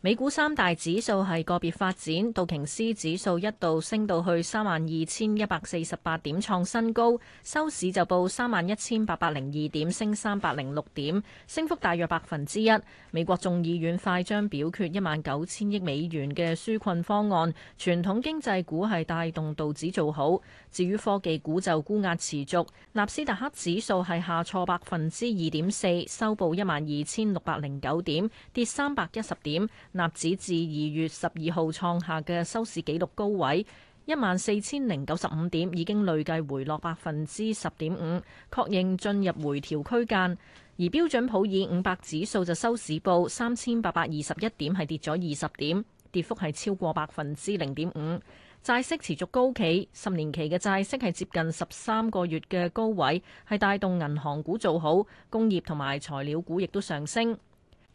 美股三大指數係個別發展，道瓊斯指數一度升到去三萬二千一百四十八點創新高，收市就報三萬一千八百零二點，升三百零六點，升幅大約百分之一。美國眾議院快將表決一萬九千億美元嘅紓困方案，傳統經濟股係帶動道指做好，至於科技股就沽壓持續納斯達克指數係下挫百分之二點四，收報一萬二千六百零九點，跌三百一十點。納指至二月十二號創下嘅收市紀錄高位一萬四千零九十五點，已經累計回落百分之十點五，確認進入回調區間。而標準普爾五百指數就收市報三千八百二十一點，係跌咗二十點，跌幅係超過百分之零點五。債息持續高企，十年期嘅債息係接近十三個月嘅高位，係帶動銀行股做好，工業同埋材料股亦都上升。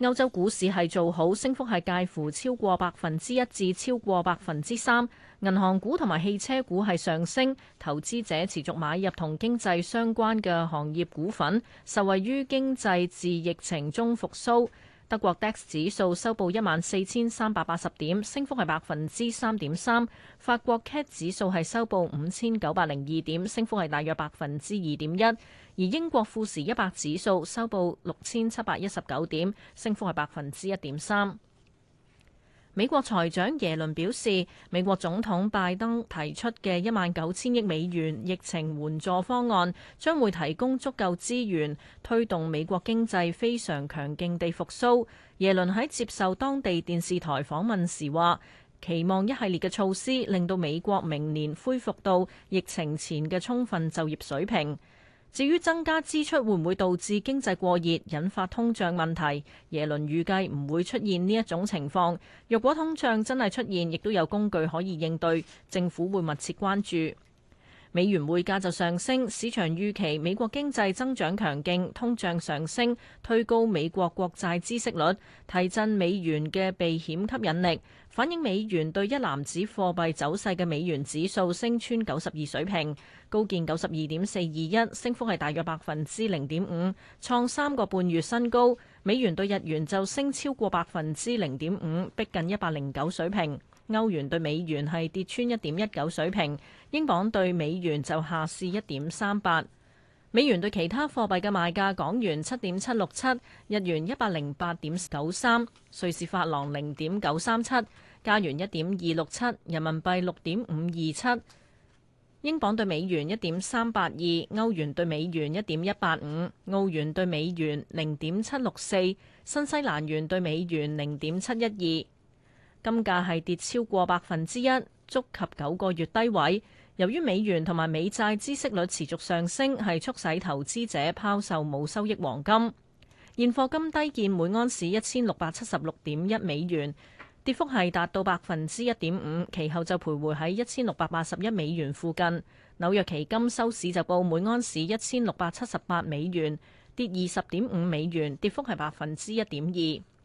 歐洲股市係做好，升幅係介乎超過百分之一至超過百分之三。銀行股同埋汽車股係上升，投資者持續買入同經濟相關嘅行業股份，受惠於經濟自疫情中復甦。德國 DAX 指數收報一萬四千三百八十點，升幅係百分之三點三。法國 CAC 指數係收報五千九百零二點，升幅係大約百分之二點一。而英國富時一百指數收報六千七百一十九點，升幅係百分之一點三。美國財長耶倫表示，美國總統拜登提出嘅一萬九千億美元疫情援助方案，將會提供足夠資源，推動美國經濟非常強勁地復甦。耶倫喺接受當地電視台訪問時話，期望一系列嘅措施令到美國明年恢復到疫情前嘅充分就業水平。至於增加支出會唔會導致經濟過熱，引發通脹問題？耶倫預計唔會出現呢一種情況。若果通脹真係出現，亦都有工具可以應對，政府會密切關注。美元匯價就上升，市場預期美國經濟增長強勁、通脹上升，推高美國國債孳息率，提振美元嘅避險吸引力。反映美元對一籃子貨幣走勢嘅美元指數升穿九十二水平，高見九十二點四二一，升幅係大約百分之零點五，創三個半月新高。美元對日元就升超過百分之零點五，逼近一百零九水平。歐元對美元係跌穿一點一九水平，英鎊對美元就下試一點三八。美元對其他貨幣嘅賣價：港元七點七六七，日元一百零八點九三，瑞士法郎零點九三七，加元一點二六七，人民幣六點五二七。英鎊對美元一點三八二，歐元對美元一點一八五，澳元對美元零點七六四，新西蘭元對美元零點七一二。金價係跌超過百分之一，觸及九個月低位。由於美元同埋美債孳息率持續上升，係促使投資者拋售冇收益黃金。現貨金低見每安士一千六百七十六點一美元，跌幅係達到百分之一點五。其後就徘徊喺一千六百八十一美元附近。紐約期金收市就報每安士一千六百七十八美元，跌二十點五美元，跌幅係百分之一點二。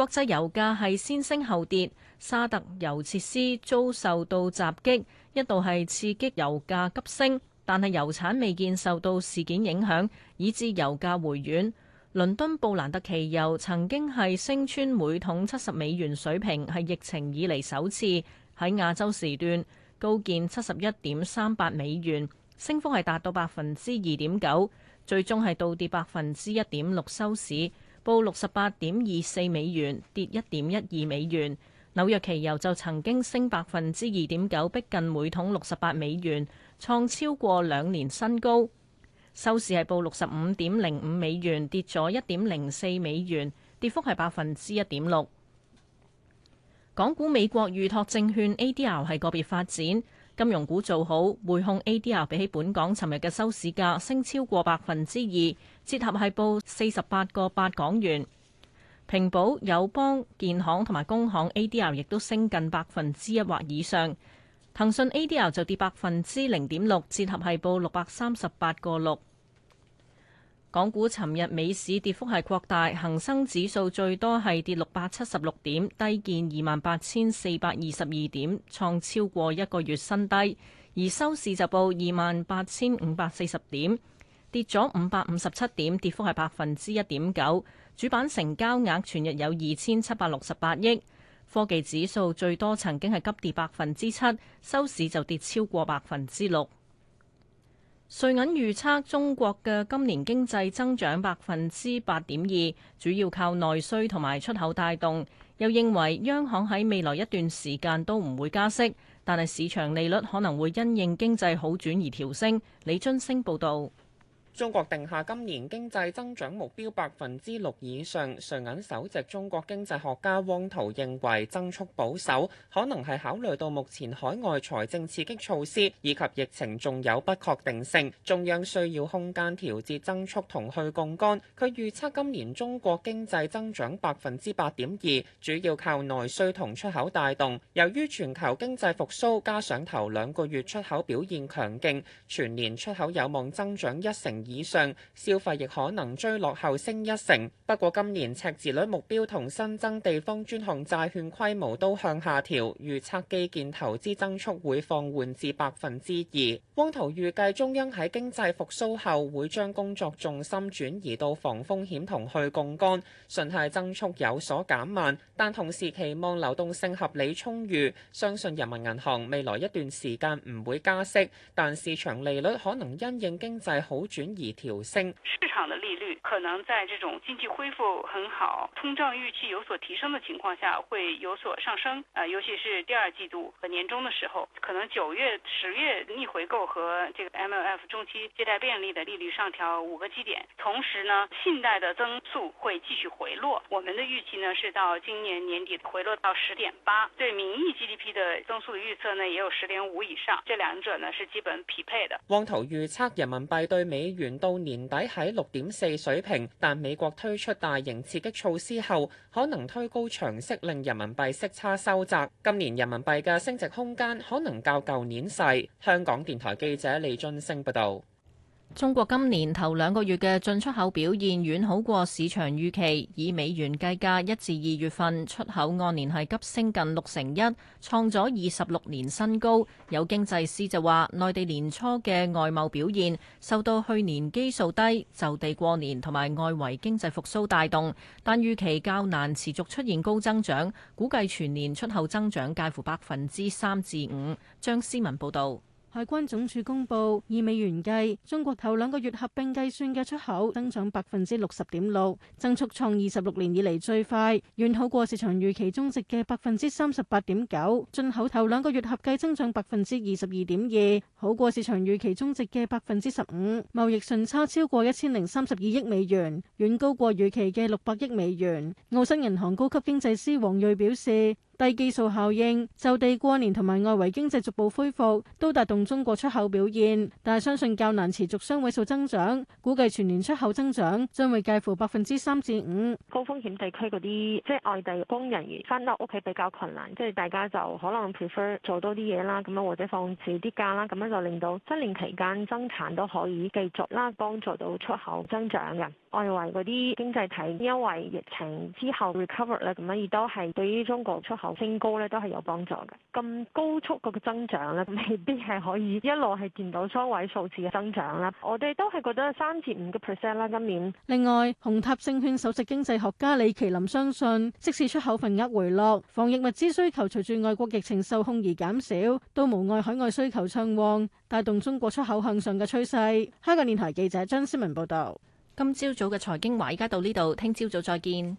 國際油價係先升後跌，沙特油設施遭受到襲擊，一度係刺激油價急升，但係油產未見受到事件影響，以致油價回軟。倫敦布蘭特期油曾經係升穿每桶七十美元水平，係疫情以嚟首次喺亞洲時段高見七十一點三八美元，升幅係達到百分之二點九，最終係倒跌百分之一點六收市。報六十八點二四美元，跌一點一二美元。紐約期油就曾經升百分之二點九，逼近每桶六十八美元，創超過兩年新高。收市係報六十五點零五美元，跌咗一點零四美元，跌幅係百分之一點六。港股美國預託證券 ADR 係個別發展。金融股做好，匯控 A D R 比起本港尋日嘅收市價升超過百分之二，折合係報四十八個八港元。平保、友邦、建行同埋工行 A D R 亦都升近百分之一或以上。騰訊 A D R 就跌百分之零點六，折合係報六百三十八個六。港股尋日尾市跌幅係擴大，恒生指數最多係跌六百七十六點，低見二萬八千四百二十二點，創超過一個月新低。而收市就報二萬八千五百四十點，跌咗五百五十七點，跌幅係百分之一點九。主板成交額全日有二千七百六十八億。科技指數最多曾經係急跌百分之七，收市就跌超過百分之六。瑞銀預測中國嘅今年經濟增長百分之八點二，主要靠內需同埋出口帶動。又認為央行喺未來一段時間都唔會加息，但係市場利率可能會因應經濟好轉而調升。李津升報道。中國定下今年經濟增長目標百分之六以上，瑞銀首席中國經濟學家汪濤認為增速保守，可能係考慮到目前海外財政刺激措施以及疫情仲有不確定性，中央需要空間調節增速同去槓桿。佢預測今年中國經濟增長百分之八點二，主要靠內需同出口帶動。由於全球經濟復甦，加上頭兩個月出口表現強勁，全年出口有望增長一成。以上消費亦可能追落後，升一成。不過今年赤字率目標同新增地方專項債券規模都向下調，預測基建投資增速會放緩至百分之二。汪濤預計中央喺經濟復蘇後會將工作重心轉移到防風險同去槓桿，信貸增速有所減慢，但同時期望流動性合理充裕，相信人民銀行未來一段時間唔會加息，但市場利率可能因應經濟好轉以調升市場的利率，可能在這種經濟恢復很好、通脹預期有所提升的情況下，會有所上升。啊，尤其是第二季度和年終的時候，可能九月、十月逆回購和這個 MLF 中期借貸便利的利率上調五個基點。同時呢，信貸的增速會繼續回落。我們的預期呢，是到今年年底回落到十點八，對名義 GDP 的增速預測呢，也有十點五以上。這兩者呢，是基本匹配的。汪濤預測人民幣對美。元到年底喺六點四水平，但美國推出大型刺激措施後，可能推高長息，令人民幣息差收窄。今年人民幣嘅升值空間可能較舊年細，香港電台記者李俊升報道。中國今年頭兩個月嘅進出口表現遠好過市場預期，以美元計價，一至二月份出口按年係急升近六成一，創咗二十六年新高。有經濟師就話，內地年初嘅外貿表現受到去年基數低、就地過年同埋外圍經濟復甦帶動，但預期較難持續出現高增長，估計全年出口增長介乎百分之三至五。張思文報導。海關總署公布，以美元計，中國頭兩個月合併計算嘅出口增長百分之六十點六，增速創二十六年以嚟最快，遠好過市場預期中值嘅百分之三十八點九；進口頭兩個月合計增長百分之二十二點二，好過市場預期中值嘅百分之十五。貿易順差超過一千零三十二億美元，遠高過預期嘅六百億美元。澳新銀行高級經濟師王瑞表示。低基數效應、就地過年同埋外圍經濟逐步恢復，都帶動中國出口表現。但係相信較難持續雙位數增長，估計全年出口增長將會介乎百分之三至五。高風險地區嗰啲，即係外地工人員翻到屋企比較困難，即係大家就可能 prefer 做多啲嘢啦，咁樣或者放少啲假啦，咁樣就令到新年期間增產都可以繼續啦，幫助到出口增長嘅。外圍嗰啲經濟體因為疫情之後 recover 咧，咁樣亦都係對於中國出口。.升高咧都係有幫助嘅，咁高速個增長咧，未必係可以一路係見到雙位數字嘅增長啦。我哋都係覺得三至五個 percent 啦。今年另外，紅塔證券首席經濟學家李奇霖相信，即使出口份額回落，防疫物資需求隨住外國疫情受控而減少，都無礙海外需求暢旺，帶動中國出口向上嘅趨勢。香港電台記者張思文報道：「今朝早嘅財經話，而家到呢度，聽朝早再見。